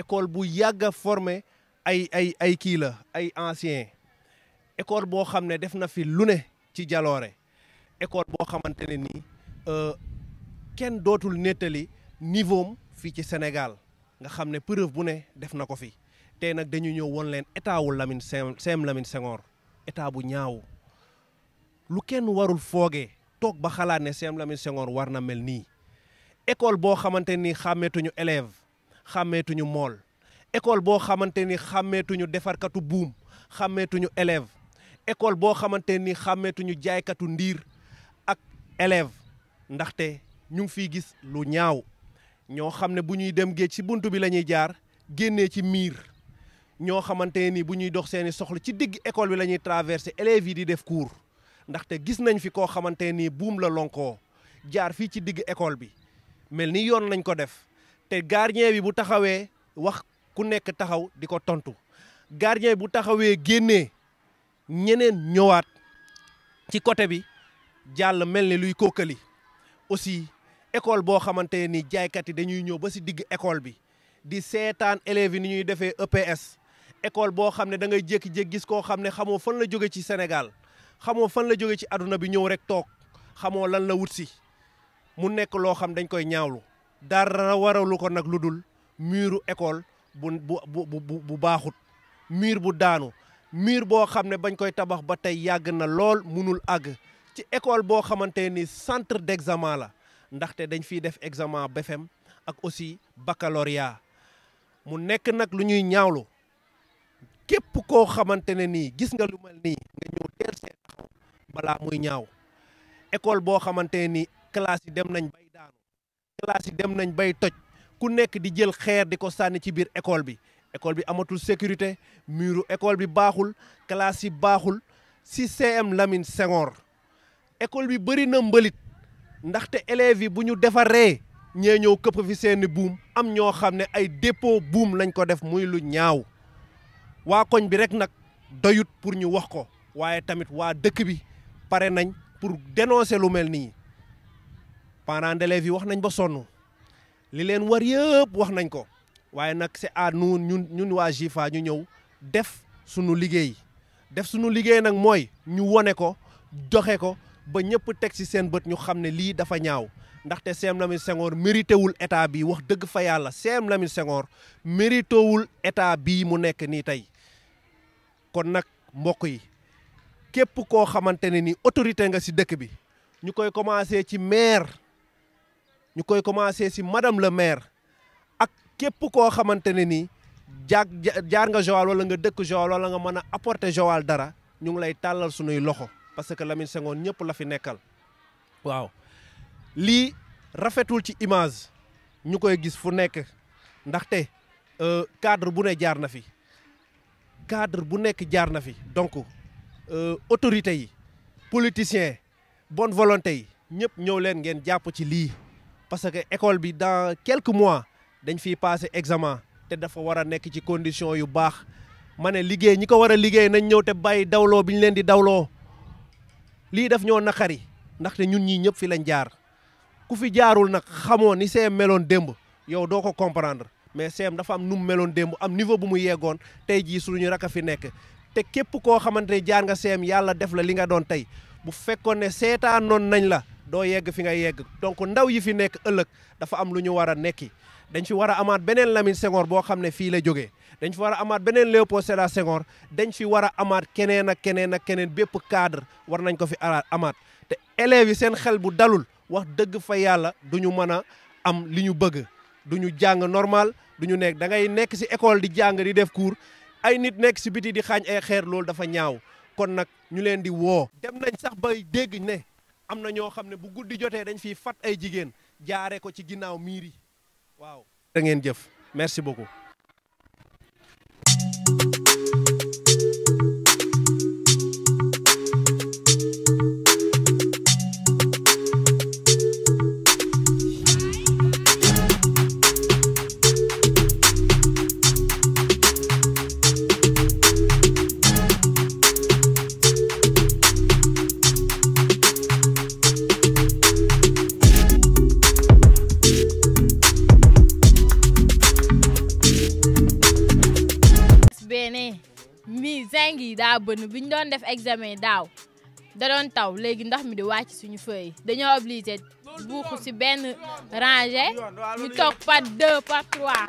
école bu yàgg a formé ay ay ay kii la ay anciens école boo xam ne def na fi lu ne ci jaloore école boo xamante ne nii euh, kenn dootul nettali niveau am fii ci Sénégal nga xam ne preuve bu ne def na ko fi tey nag dañu ñëw woon leen état wu Lamine Sem Lamine Senghor état bu ñaaw lu kenn warul foogee toog ba xalaat ne Sem Lamine Senghor war na mel nii école boo xamante ni xàmmeetuñu élève xàmmeetuñu mool école boo xamante ni xàmmeetuñu defarkatu buum xàmmeetuñu élève école boo xamante ni xàmmeetuñu jaaykatu ndiir ak élève ndaxte ñu ngi fiy gis lu ñaaw ñoo xam ne bu ñuy dem géej ci bunt bi la ñuy jaar génnee ci miir ñoo xamante ni bu ñuy dox seeni soxla ci digg école bi lañuy ñuy traversé élèves yi di def cours ndaxte gis nañ fi koo xamante ni buum la lonkoo jaar fii ci digg école bi mel ni yoon lañ ko def te gardien bi bu taxawee wax ku nekk taxaw di ko tontu gardien bu taxawee génnee ñeneen ñëwaat ci côté bi jàll mel ni luy kookali aussi école boo xamante ni jaaykat yi dañuy ñëw ba si digg école bi di seetaan élèves ni ñuy defee EPS école boo xam ne da ngay jékki gis koo xam ne xamoo fan la jóge ci Sénégal xamoo fan la jóge ci àdduna bi ñëw rek toog xamoo lan la wut si mu nekk loo xam dañ koy ñaawlu dara warawlu ko nak ludul muru école bu bu bu bu baxut mur bu daanu mur bo xamne ne bañ koy tabax ba tay yag na lol munul ag ci école bo xamanteni centre d'examen examen la ndaxte dañ fi def examen bfm ak aussi baccalauréat mu nek nak lu ñuy ñaawlu kep ko xamante ni gis nga lu mel ni nga ñu bala muy ñaaw école bo xamanteni classe dem nañ ba classe yi dem nañ bay toj ku nekk di jël xeer di ko sànni ci biir école bi école bi amatul sécurité muru école bi baaxul classe yi baaxul si CM Lamine Senghor école bi bëri na mbalit ndaxte élèves yi bu ñu defaree ñee ñëw këpp fi seeni buum am ñoo xam ne ay dépôt buum lañ ko def muy lu ñaaw waa koñ bi rek nag doyut pour ñu wax ko waaye tamit waa dëkk bi pare nañ pour dénoncer lu mel nii parents d'élèves yi wax nañ ba sonn li leen war yëpp wax nañ ko waaye nag c'est à nous ñun ñun waa JIFA ñu ñëw def suñu liggéey def suñu liggéey nag mooy ñu wone ko joxe ko ba ñëpp teg si seen bët ñu xam ne lii dafa ñaaw ndaxte Sëñ Lamine Senghor mérité wul état bi wax fa yàlla Sëñ Lamine Senghor mérité wul état bii mu nekk nii tey kon nag mbokk yi képp koo xamante ne ni autorité nga si dëkk bi ñu koy commencé ci maire ñu koy commencé si madame le maire ak képp koo xamante ne nii jaar jaar nga Joal wala nga dëkk Joal wala nga mën a apporter Joal dara ñu ngi lay tàllal sunuy loxo parce que Lamine Senghor ñëpp la fi nekkal waaw lii rafetul ci image ñu koy gis fu nekk ndaxte euh, cadre bu ne jaar na fi cadre bu nekk jaar na fi donc euh, autorités yi politicien bon volonté yi ñëpp ñëw leen ngeen jàpp ci lii parce que école bi dans quelque mois dañ fiy passé examen te dafa war a nekk ci condition yu baax ma ne liggéey ñi ko war a liggéey nañ ñëw te bàyyi dawloo bi ñu leen di dawloo lii def ñoo naqari ndaxte ñun ñii ñëpp fi lañ jaar ku fi jaarul nag xamoo ni seem meloon démb yow doo ko comprendre mais seem dafa am nu mu meloon démb am niveau bu mu yegoon tey jii suñu rak a fi nekk te képp koo xamante ne jaar nga seem yàlla def la li nga doon tey bu fekkoon ne seetaanoon nañ la Do yegg fi nga yegg donc ndaw yi fi nek euleuk dafa am luñu wara neki dañ ci wara amat benen Lamine Senghor bo xamne ne la joge dañ ci wara amat benen beneen sera Senghor dañ fi wara amat keneen ak keneen ak keneen bepp cadre war nañ ko fi amat te élèves yi sen xel bu dalul wax deug fa yalla duñu mëna am liñu bëgg duñu jang normal duñu nek da ngay nek si école di jang di def cours ay nit nek si biti di xagn ay xeer lool dafa ñaaw kon nak ñu leen di wo dem nañ sax bay dégg ne am na ñoo xam ne bu guddi jotee dañ fiy fat ay jigéen jaare ko ci ginnaaw miir yi waaw da ngeen jëf merci beaucoup bi ñu doon def examen daaw da doon taw léegi ndox mi di wàcc suñu feuille dañoo obligé buuxu si benn rangée ñu toog par deux par trois.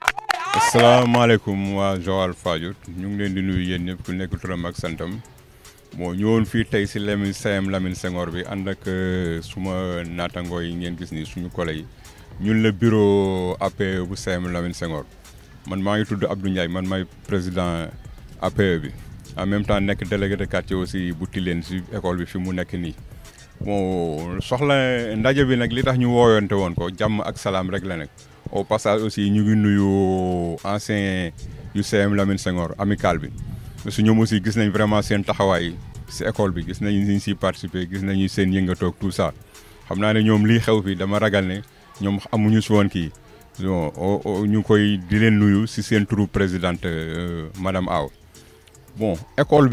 asalaamaaleykum waa Joal Fadiouth ñu ngi leen di nuyu yéen ku nekk turam ak santam moo ñëwoon fii tey si Lamine CM Lamine Senghor bi ànd ak euh, suma naataangoo yi ngeen gis nii suñu collègue yi ñun la bureau APE bu CM Lamine Senghor man maa ngi tudd Abdou Ndiaye man maay président APE bi. en même temps nek délégué de quartier aussi bu Tilène si école bi fi mu nek ni bon soxla ndaje bi nak li tax ñu woyonté won ko jamm ak salam rek la nek au passage aussi ñu ngi nuyu ancien yu CM Lamine Senghor amical bi su ñoom aussi gis nañ vraiment sen taxaway ci école bi gis nañ ñu siy participer gis nañ sen seen yëngatoog tout ça xam naa ne ñoom lii xew fi dama ragal né ñom amuñu si won ki bon ñu koy di len nuyu ci sen turu présidente euh, madame Aw bon école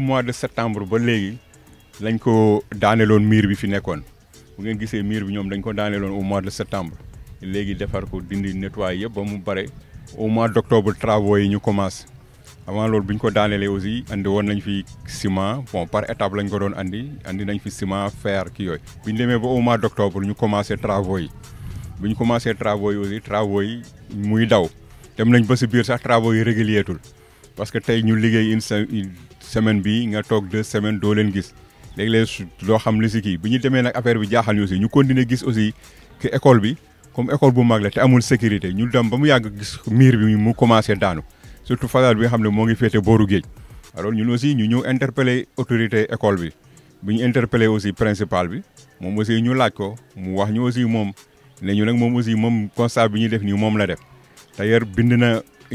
mois de septembre ba lañ ko bi fi bu ngeen bi dañ au mois de septembre au mois d'octobre, travaux yi ñu avant lool buñ ko ciment bon par étape lañ ko doon andi andi ciment fer au mois d'octobre, ñu travaux yi travaux yi aussi travaux yi muy daw travaux régulier parce que tey ñu liggéey une semaine bi nga toog deux semaines doo leen gis léeg-léeg loo xam li si kii bi ñu demee nag affaire bi jaaxal ñu aussi ñu continuer gis aussi que école bi comme école bu mag la te amul sécurité ñu dem ba mu yàgg gis miir bi mu commencé daanu surtout fatal bi nga xam ne moo ngi féete booru géej alors ñun aussi ñu ñëw interpeller autorité école bi bu ñu interpeller aussi principal bi moom aussi ñu laaj ko mu wax ñu aussi moom ne ñu nag moom aussi moom constat bi ñuy def nii moom la def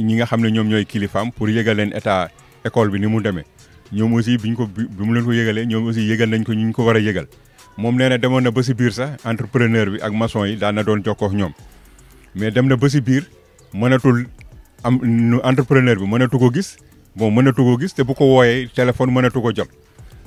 ñi nga xam ne ñoom ñooy kilifaam pour yëgal leen état école bi ni mu demee ñoom aussi bi ko bi mu leen ko yëgalee ñoom aussi yëgal nañ ko ñu ko war a yëgal moom nee na demoon na ba si biir sax entrepreneur bi ak maçon yi daan na doon jokkoo ak ñoom mais dem na ba si biir mënatul am entrepreneur bi mënatu ko gis bon mënatu ko gis te bu ko wooyee téléphone mënatu ko jot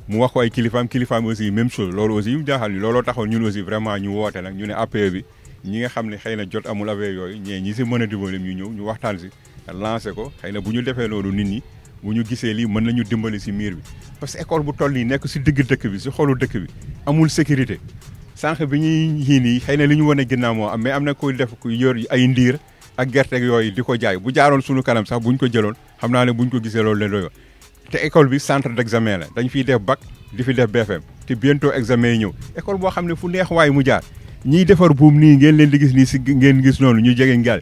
mu wax ko ay kilifaam kilifaam aussi même chose loolu aussi yu jaaxal ñu looloo taxoon ñun aussi vraiment ñu woote nag ñu ne APE bi ñi nga xam ne xëy na jot amul affaire yooyu ñee ñi si mën a dimbali ñu ñëw ñu waxtaan si lancé ko xëy na bu ñu defee loolu nit ñi bu ñu gisee lii mën nañu dimbali si miir bi parce que école bu toll nii nekk si digg dëkk bi si xolu dëkk bi amul sécurité sànq bi ñuy yii nii xëy na li ñu wane ginnaaw moo am mais am na ko def ku yor ay ndiir ak gerte yooyu di ko jaay bu jaaroon suñu kanam sax buñ ko jëloon xam naa ne buñ ko gisee loolu la doyoo te école bi centre d'examen la dañ fiy def bac di fi def BFM te bientôt examen ñëw école boo xam ne fu neex waay mu jaar ñiy defar buum nii ngeen di gis nii si ngeen gis noonu ñu jege ngal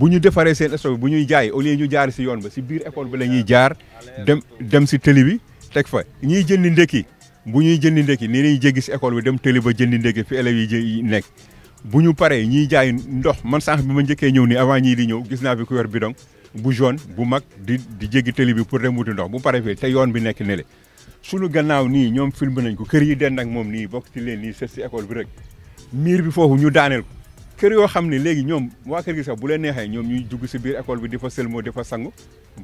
bu ñu defaree seen stock bu ñuy jaay au lieu ñu jaar si yoon ba si biir école bi la ñuy jaar dem dem si tëli bi teg fa ñiy jëndi ndekki bu ñuy jëndi ndekki nii lañuy jéggi si école bi dem tëli ba jëndi ndekki fi élèves yi nekk bu ñu paree ñiy jaay ndox man sànq bi ma njëkkee ñëw ni avant ñii di ñëw gis naa fi ku yor bidon bu jaune bu mag di di jéggi tëli bi pour dem wuti ndox bu pare fii te yoon bi nekk ne le suñu gannaaw nii ñoom filmé nañ ko kër yi den ak moom nii bokk ci leen nii sës si école bi rek miir bi foofu ñu daaneel kër yoo xam ni léegi ñoom waa kër gi sax bu leen neexee ñoom ñuy dugg si biir école bi di fa sëlmoo di fa sangu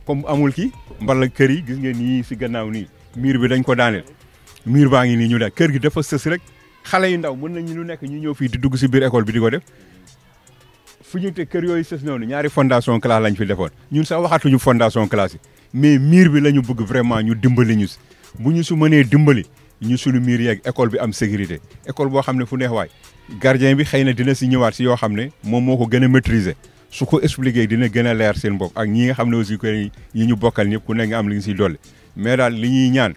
comme amul kii mbala kër yi gis ngeen nii si gannaaw nii miir bi dañ ko daaneel miir baa ngi nii ñu daal kër gi dafa sës rek xale yu ndaw mën nañu ñu nekk ñu ñëw fii di dugg si biir école bi di ko def fu ñu kër yooyu sës noonu ñaari fondation classe lañ fi defoon ñun sax waxatuñu fondation classe yi mais miir bi la ñu bëgg vraiment ñu dimbali ñu si bu ñu su mënee dimbali ñu sulu miir yeeg école bi am sécurité école boo xam ne fu neex waay gardien bi xëy na dina si ñëwaat si yoo xam ne moom moo ko gën a maîtriser su ko expliquer dina gën a leer seen bopp ak ñi nga xam ne aussi que ñi ñu bokkal ñëpp ku ne nga am li nga siy dolli mais daal li ñuy ñaan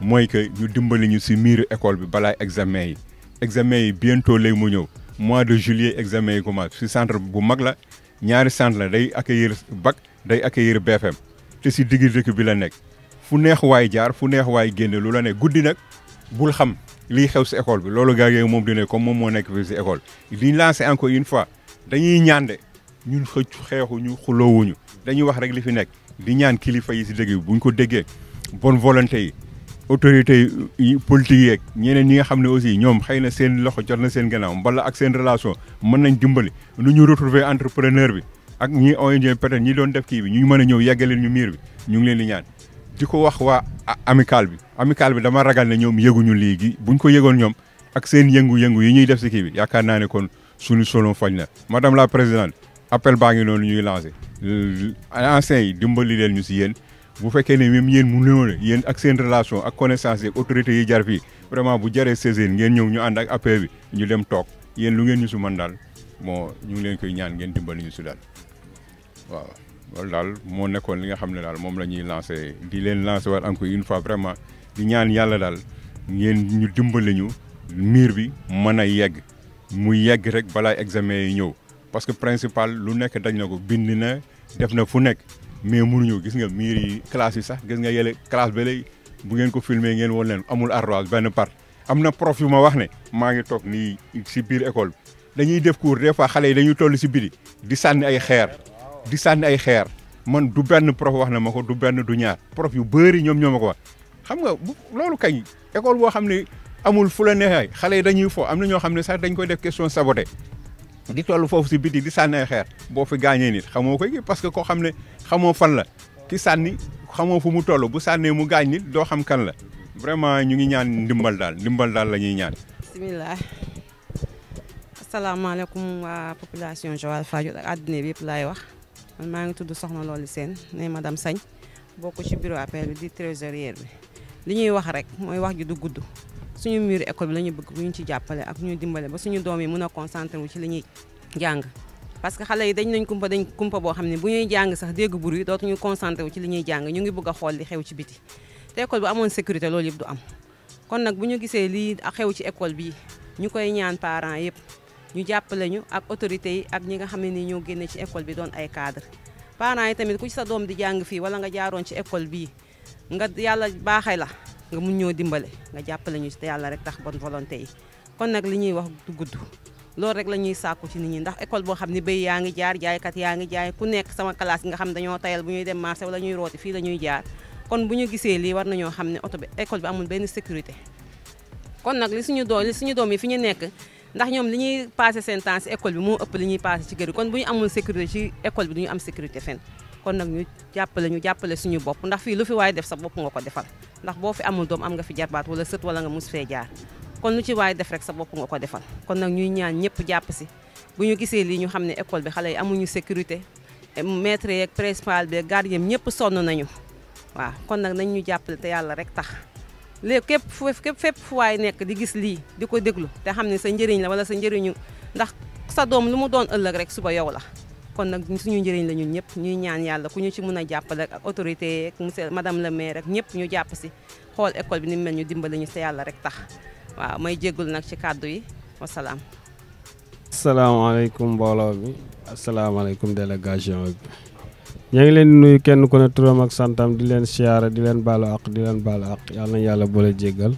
mooy que ñu dimbali ñu si miir école bi balaay examen yi examen yi bientôt lay mu ñëw mois de juillet examen yi commence si centre bu mag la ñaari centre la day accueillir bag day accueillir BFM te si digg dëkk bi la nekk fu neex waay jaar fu neex waay génne lu la ne guddi nag bul xam liy xew ci école bi loolu gars yooyu moom dine comme moom mo nek ci école li lancé encore une fois dañuy ñandé ñun xëccu xeexuñu xuloowuñu dañuy wax rek li fi nekk di ñaan kilifa yi ci dëgg bi buñ ko déggee bonne volonté yi autorité yi politique yeeg ñeneen ñi nga xamné aussi ñom xeyna seen loxo jotna seen gannaaw mbala ak seen relation mën nañ dimbali nu ñu retrouver entrepreneur bi ak ñi ONG peut-être ñi doon def kii bi ñu mën a ñëw yeggaleen ñu mur bi ñu ngi leen di ñaan di ko wax waa amical bi amical bi dama ragal ne ñoom yëguñu léegi buñ ko yëgoon ñoom ak seen yëngu-yëngu yi ñuy def si kii bi yaakaar naa ne kon suñu solo fañ na madame la présidente appel baa ngi noonu ñuy lancé anciens dimbali leen ñu si yéen bu fekkee ne même yéen mu noonu yéen ak seen relation ak connaissance yeeg autorités yi jar fii vraiment bu jaree saisir ngeen ñëw ñu ànd ak appel bi ñu dem toog yéen lu ngeen ñu su man daal moo ñu ngi leen koy ñaan ngeen dimbali ñu si daal loolu daal moo nekkoon li nga xam dal mom moom la ñuy lancé di len lancer war encore une fois vraiment di ñaan yalla dal ngeen ñu dimbali ñu mur bi mëna yegg mu yegg rek bala examen yi ñew parce que principal lu nekk dañ na ko bind na def na fu nekk mais mënu ñu gis nga miir yi classe yi sax gis nga yele classe ba bu ngeen ko filmer ngeen woon len amul ardoise ben part amna prof yu ma wax ne ma ngi tok ni ci biir école dañuy def cours des fois xalé yi dañuy tollu ci biir di sanni ay xeer di sànni ay xeer man du benn prof wax na ma ko du benn du ñaar prof yu bëri ñoom ñoo ma ko wax xam nga loolu kañ école boo xam ne amul fu la neexay xale dañuy fo am na ñoo xam ne sax dañ koy def question saboté di toll foofu si biti di sànni ay xeer boo fi gaañee nit xamoo ko parce que koo xam ne xamoo fan la ki sànni xamoo fu mu toll bu sànnee mu gaañ nit doo xam kan la vraiment ñu ngi ñaan ndimbal daal ndimbal daal la ñuy ñaan. bismillah asalaamaaleykum waa population Joal Fadiouth ak àddina bi yëpp laay wax. man maa ngi tudd Soxna Loli seen ne madame Sagne bokk ci bureau APR bi di trésorière bi li ñuy wax rek mooy wax ji du gudd suñu mur école bi la ñu bëgg bu ñu ci jàppale ak ñu dimbale ba suñu doom yi mën a concentré wu ci li ñuy jàng parce que xale yi dañ nañ kumpa dañ kumpa boo xam ne bu ñuy jàng sax dégg bur dootuñu concentré wu ci li ñuy jàng ñu ngi bëgg a xool li xew ci biti te école bu amoon sécurité loolu yëpp du am kon nag bu ñu gisee lii xew ci école bi ñu koy ñaan parents yëpp ñu jàppale ñu ak autorité yi ak ñi nga xam ne ni ñoo génne ci école bi doon ay cadre parents yi tamit ku ci sa doom di jàng fii wala nga jaaroon ci école bii nga yàlla baaxee la nga mun ñoo dimbale nga jàppale ñu te yàlla rek tax bonne volonté yi kon nag li ñuy wax du gudd loolu rek la ñuy sàkku ci nit ñi ndax école boo xam ne béy yaa ngi jaar jaaykat yaa ngi jaay ku nekk sama classe nga xam dañoo tayal bu ñuy dem marché wala ñuy rooti fii la ñuy jaar kon bu ñu gisee lii war ñoo xam ne oto bi école bi amul benn sécurité kon nag li suñu suñu doom yi fi ñu nekk ndax ñoom li ñuy passé seen école bi moo ëpp li ñuy passé ci kër yi kon bu ñu amul sécurité ci école bi du ñu am sécurité fenn kon nag ñu jàppale ñu jàppale suñu bopp ndax fii lu fi waaye def sa bopp nga ko defal ndax boo fi amul doom am nga fi jarbaat wala sët wala nga mus fee jaar kon lu ci waaye def sa bopp nga ko defal kon nag ñuy ñaan ñëpp jàpp si bu ñu gisee lii ñu xam ne école bi xale yi amuñu sécurité maître yeeg principal bi gardien ñëpp sonn nañu waaw kon nag nañ ñu jàppale te yàlla rek tax léegi képp fu képp fépp fu waay nekk di gis lii di ko déglu te xam ne sa njëriñ la wala sa njëriñu ndax sa doom lu mu doon ëllëg rek suba yow la kon nag suñu njëriñ la ñun ñëpp ñuy ñaan yàlla ku ñu ci mun a jàppale ak autorité yeeg monsieur madame le maire rek ñëpp ñu jàpp si xool école bi ni mu mel ñu dimbali ñu sa yàlla rek tax waaw may jéggul nag ci kàddu yi wasalaam. asalaamaaleykum mbooloo bi asalaamaaleykum délégation bi. ña ngi leen nuyu kenn ku ne turam ak santam di leen siyaare di leen baalu ak di leen baalu ak yàlla na yàlla boole jéggal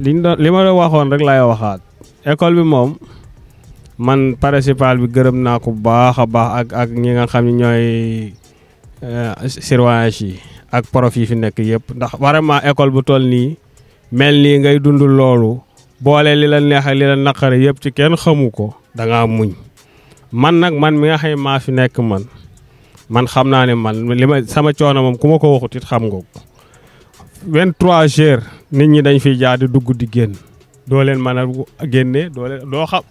liñ li ma rek laay waxaat école bi moom man principal bi gërëm naa ko baax a baax ak ak ñi nga xam ne ñooy eh, yi ak prof yi fi nekk yépp ndax vraiment école bu toll nii mel nii ngay dund loolu boole li la neex ak li la naqare yépp ci kenn xamu ko da ngaa muñ man nak man mi nga xam maa fi nekk man man xam naa ne man li ma sama coono moom ku ma ko waxut it xam nga ko 23 heures nit ñi dañ fiy jaar di dugg di génn doo leen man a génne doo doo xam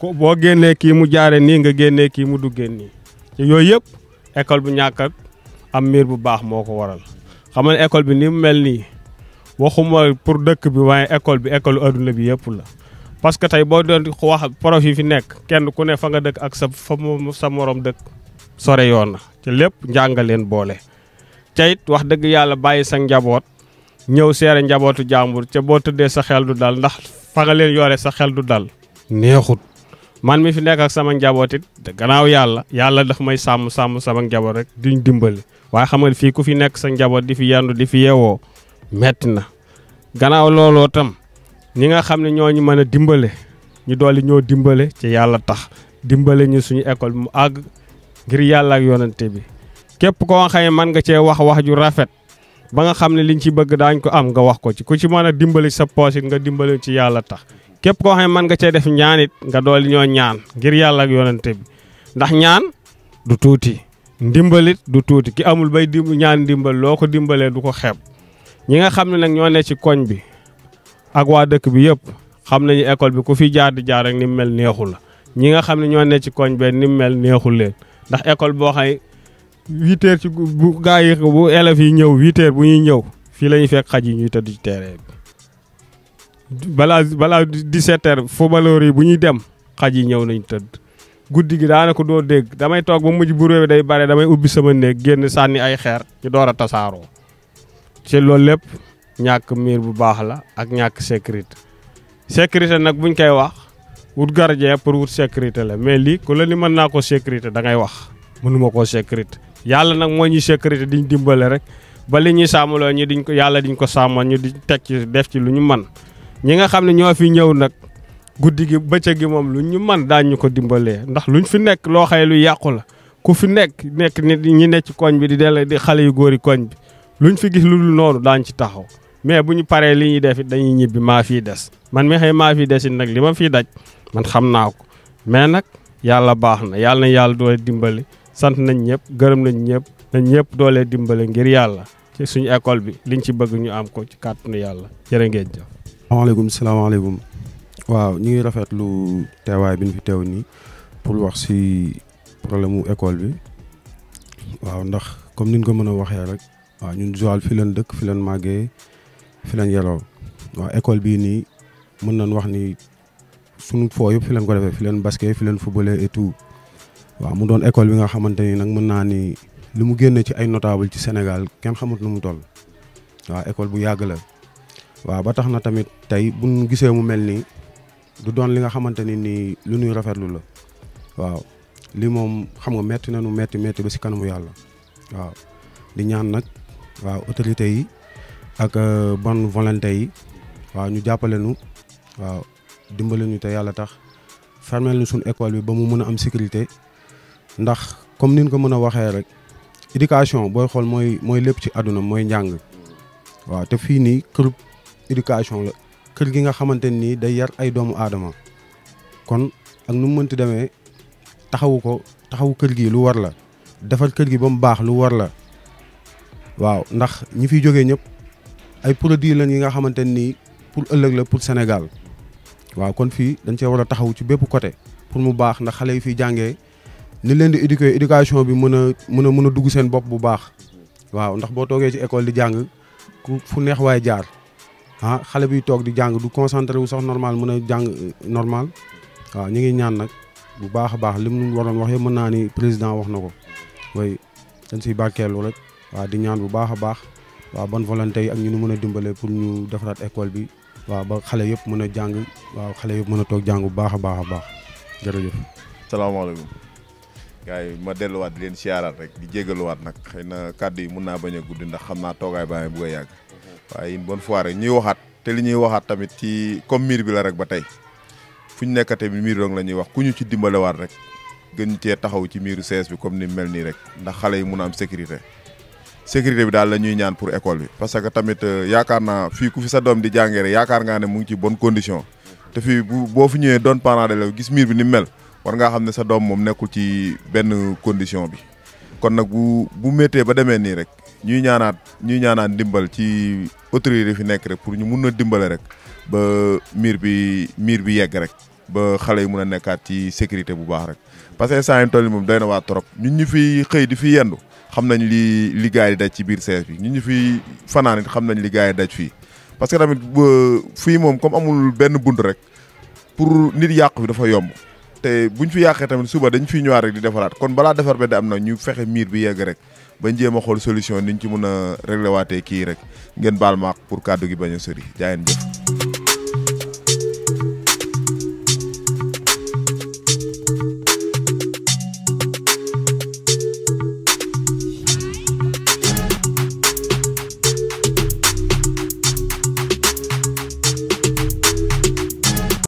ko boo génnee kii mu jaare nii nga génnee kii mu duggee nii te yooyu yëpp école bu ñàkk am miir bu baax moo ko waral xam nga école bi ni mu mel nii waxuma pour dëkk bi waaye école bi école adduna bi yëpp la parce que tey boo doon wax prof yi fi nekk kenn ku ne fa nga dëkk ak sa fa sa morom dëkk sore yoon na ca lépp njàng leen boole te it wax dëgg yàlla bàyyi sa njaboot ñëw seere njabootu jàmbur ca boo tëddee sa xel du dal ndax fa leen yoore sa xel du dal neexut man mi fi nekk ak sama njaboot te gannaaw yàlla yàlla daf may sàmm sàmm sama njaboot rek duñ dimbali waaye xamal fii ku fi nekk sa njaboot di fi yendu di fi yeewoo metti na ganaaw looloo tam ñi nga xam ne ñooñu mën a dimbale ñu dooli ñoo dimbale ci yàlla tax dimbale ñu suñu ngir yàlla ak yonante bi képp koo xëy man nga cee wax wax ju rafet ba nga xam ne liñ ci bëgg daañ ko am nga wax ko ci ku ci mën a dimbali sa poos nga dimbali ci yàlla tax képp koo xam ne mën nga cee def ñaan nga dool ñoo ñaan ngir yàlla ak yonante bi ndax ñaan du tuuti ndimbalit du tuuti ki amul bay di ñaan dimbal loo ko dimbalee du ko xeeb ñi nga xam ne nag ñoo ne ci koñ bi ak waa dëkk bi yëpp xam nañu école bi ku fi jaar di jaar rek ni mu mel neexu la ñi nga xam ne ñoo ne ci koñ bee ni mu mel neexul leen ndax école boo xay huit heures ci bu gaa yi bu élèves yi ñëw huit bu ñuy ñëw fii la ñuy fekk xaj yi ñuy tëdd ci terrain bi balaa balaa di sept heures footballeur yi bu ñuy dem xaj yi ñëw nañ tëdd guddi gi ko doo dégg damay toog ba mujj bu réew day bare damay ubbi sama néeg génn sànni ay xeer ñu door a tasaaroo ci loolu lépp ñàkk miir bu baax la ak ñàkk sécurité sécurité nag buñ koy wax wut gardien pour wut sécurité la mais li ko la ni mën naa ko sécurité da ngay wax munuma ko sécurité yalla nak moñu ñuy sécurité diñ dimbalé rek ba li ñi diñ ko yalla diñ ko ñu di tek ci def ci luñu man ñi nga xamni ño fi ñew nak guddi gi gi mom luñu man dañ ñu ko dimbalé ndax luñ fi nek lo xëye lu yaqku la ku fi nek nek nit ñi ne ci koñ bi di dell di xalé yu goori koñ bi luñ fi gis lulul nonu dañ ci taxaw mais buñu paré def dañuy ñibbi ma fi dess man mi xey ma fi dess nak nag fi daj man xam naa ko mais nag yàlla baax na yàlla na yàlla doole dimbali sant nañ ñëpp gërëm nañ ñëpp na ñëpp doole dimbali ngir yàlla ci suñu école bi liñ ci bëgg ñu am ko ci kàttanu yàlla jërë ngeen jëf. salaamaaleykum salaamaaleykum waaw ñu ngi rafetlu teewaay bi ñu fi teew nii pour wax si problème école bi waaw ndax comme niñ ko mën a waxee rek waaw ñun Joal fi leen dëkk fi leen màggee fi leen waaw école bii nii mën nañ wax ni suñu foo yëpp fi ko defee fi leen basket fi leen footballé et tout waaw mu doon école bi nga xamante ni nag mën naa ni li mu génne ci ay notable ci Sénégal kenn xamut nu mu toll waaw école bu yàgg la waaw ba tax na tamit tey buñ gisee mu mel nii du doon li nga xamante ni nii lu ñuy lu la waaw li moom xam nga metti na nu metti metti ba si kanamu yàlla waaw di ñaan nag waaw autorité yi ak euh, bonne waaw ñu jàppale nu waaw dimbali ñu té yalla tax fermel ñu sun école bi ba mu mëna am sécurité ndax comme niñ ko mëna waxé rek éducation boy xol moy moy lepp ci aduna moy njàng. wa té fi ni kër éducation la kër gi nga xamanteni ni day yar ay doomu adama kon ak nu mënti démé taxawu ko taxawu kër gi lu war la defar kër gi bam baax lu war la waaw ndax ñi fi joggé ñëpp ay produits lañ yi nga xamanteni ni pour ëlëk la pour Sénégal waaw kon fii dañ cee war a taxaw ci bépp côté pour mu baax ndax xale yi fii jàngee ni leen di éduquer éducation bi mën a mën a mën a dugg seen bopp bu baax waaw ndax boo toogee ci école di jàng ku fu neex waaye jaar ah xale bi toog di jàng du concentré wu sax normal mën a jàng euh, normal waaw ñu ngi ñaan nag bu baax a baax li mu waroon wax yëpp mën naa ni président wax na ko way dañ siy barkeelu rek waaw di ñaan bu baax a baax waaw bonne volonté yi ak ñu nu mën a dimbale pour ñu defaraat école bi waaw ba xale yëpp mën a jàng waaw xale yëpp mën a toog jàng bu baax a baax a baax jërëjëf. salaamaaleykum gars yi ma delluwaat di leen siyaaraat rek di jégaluwaat nag xëy na kàddu yi mun naa bañ a gudd ndax xam naa toogaay baa ngi bëgg a yàgg waaye une bonne fois rek ñuy waxaat te li ñuy waxaat tamit ci comme miir bi la rek ba tey fu ñu nekkate bi miir dong la ñuy wax ku ñu ci dimbalewaat rek gën cee taxaw ci miiru sees bi comme ni mel nii rek ndax xale yi mun a am sécurité sécurité bi daal la ñuy ñaan pour école bi parce que tamit euh, yaakaar naa fii ku fi sa doom di jàngee rek yaakaar ngaa ne mu ci bon condition te fii bu boo fi ñëwee doon parent d'élève gis miir bi ni mel war ngaa xam ne sa doom moom nekkul ci benn condition bi kon nag bu bu méttee ba demee nii rek ñuy ñaanaat ñuy ñaanaat dimbal ci autorité fi nekk rek pour ñu mun a dimbale rek ba miir bi miir bi yegg rek ba xale yi mun a nekkaat ci sécurité bu baax rek parce que saa yu toll moom doy na trop ñun ñu fi xëy di fi yendu xam nañ li li gars yi daj ci biir sees bi ñu ñu fi fanaan xam nañ li gars yi daj fii parce que tamit fii moom comme amul benn bunt rek pour nit yàqu fi dafa yomb te buñ fi yàqee tamit suba dañ fi ñëwaat rek di defaraat kon balaa defar be da am na ñu fexe miir bi yegg rek ba jéem a xool solution niñ ci mën a réglé waatee kii rek ngeen baal maaq pour kàddu gi bañ a sori jaayeen bi